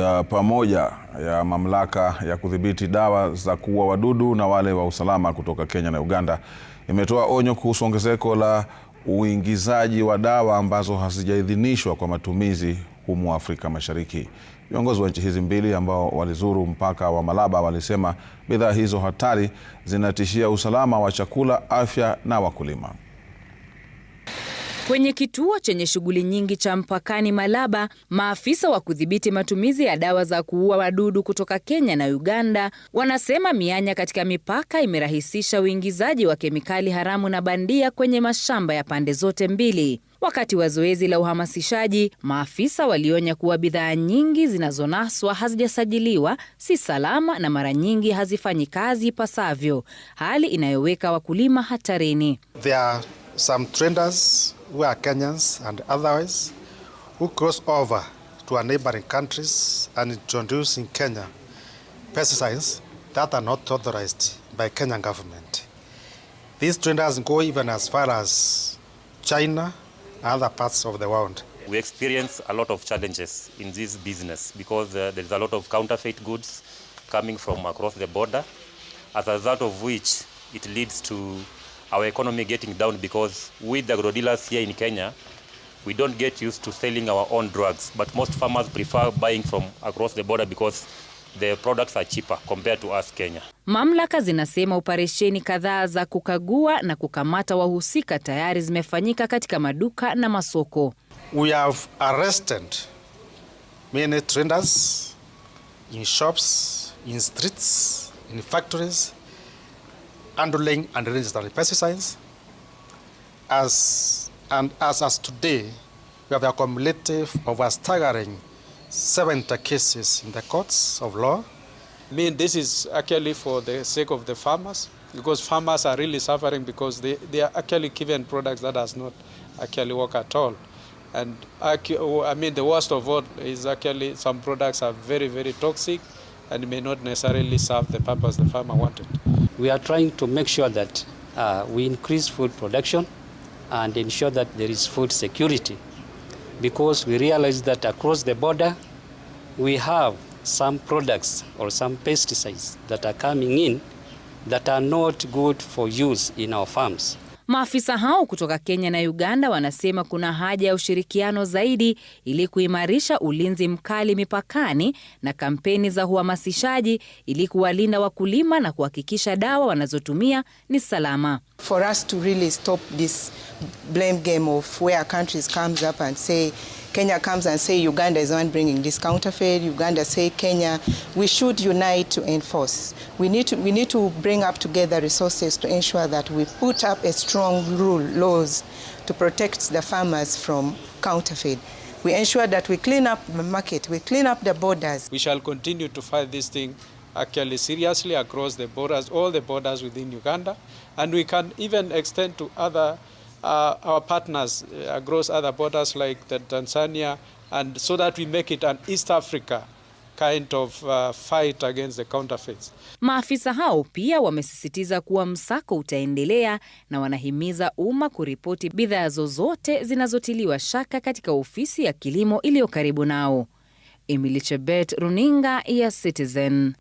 ya pamoja ya mamlaka ya kudhibiti dawa za kuua wadudu na wale wa usalama kutoka Kenya na Uganda imetoa onyo kuhusu ongezeko la uingizaji wa dawa ambazo hazijaidhinishwa kwa matumizi humu Afrika Mashariki. Viongozi wa nchi hizi mbili ambao walizuru mpaka wa Malaba walisema bidhaa hizo hatari zinatishia usalama wa chakula, afya na wakulima. Kwenye kituo chenye shughuli nyingi cha mpakani Malaba, maafisa wa kudhibiti matumizi ya dawa za kuua wadudu kutoka Kenya na Uganda wanasema mianya katika mipaka imerahisisha uingizaji wa kemikali haramu na bandia kwenye mashamba ya pande zote mbili. Wakati wa zoezi la uhamasishaji, maafisa walionya kuwa bidhaa nyingi zinazonaswa hazijasajiliwa, si salama na mara nyingi hazifanyi kazi ipasavyo, hali inayoweka wakulima hatarini. There are some who are Kenyans and otherwise, who cross over to our neighboring countries and introduce in Kenya pesticides that are not authorized by Kenyan government. These traders go even as far as China and other parts of the world. We experience a lot of challenges in this business because uh, there's a lot of counterfeit goods coming from across the border, as a result of which it leads to our economy getting down because we the agro dealers here in Kenya we don't get used to selling our own drugs but most farmers prefer buying from across the border because the products are cheaper compared to us Kenya. Mamlaka zinasema operesheni kadhaa za kukagua na kukamata wahusika tayari zimefanyika katika maduka na masoko. We have arrested many traders in shops, in streets, in factories handling and registering pesticides. As, and as as today, we have a cumulative of a staggering 70 cases in the courts of law. I mean, this is actually for the sake of the farmers, because farmers are really suffering because they, they are actually given products that does not actually work at all. And oh, I mean, the worst of all is actually some products are very, very toxic and may not necessarily serve the purpose the farmer wanted. we are trying to make sure that uh, we increase food production and ensure that there is food security because we realize that across the border we have some products or some pesticides that are coming in that are not good for use in our farms. Maafisa hao kutoka Kenya na Uganda wanasema kuna haja ya ushirikiano zaidi ili kuimarisha ulinzi mkali mipakani na kampeni za uhamasishaji ili kuwalinda wakulima na kuhakikisha dawa wanazotumia ni salama. For us to really stop this blame game of where countries comes up and say Kenya comes and say Uganda is the one bringing this counterfeit. Uganda say Kenya. We should unite to enforce. We need to, we need to bring up together resources to ensure that we put up a strong rule, laws to protect the farmers from counterfeit. We ensure that we clean up the market, we clean up the borders. We shall continue to fight this thing actually seriously across the borders, all the borders within Uganda, and we can even extend to other uh, our partners uh, across other borders like the Tanzania and so that we make it an East Africa kind of, uh, fight against the counterfeits. Maafisa hao pia wamesisitiza kuwa msako utaendelea na wanahimiza umma kuripoti bidhaa zozote zinazotiliwa shaka katika ofisi ya kilimo iliyo karibu nao. Emily Chebet, Runinga ya Citizen.